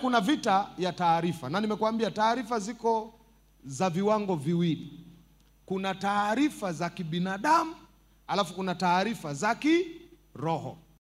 Kuna vita ya taarifa, na nimekuambia taarifa ziko za viwango viwili. Kuna taarifa za kibinadamu, alafu kuna taarifa za kiroho.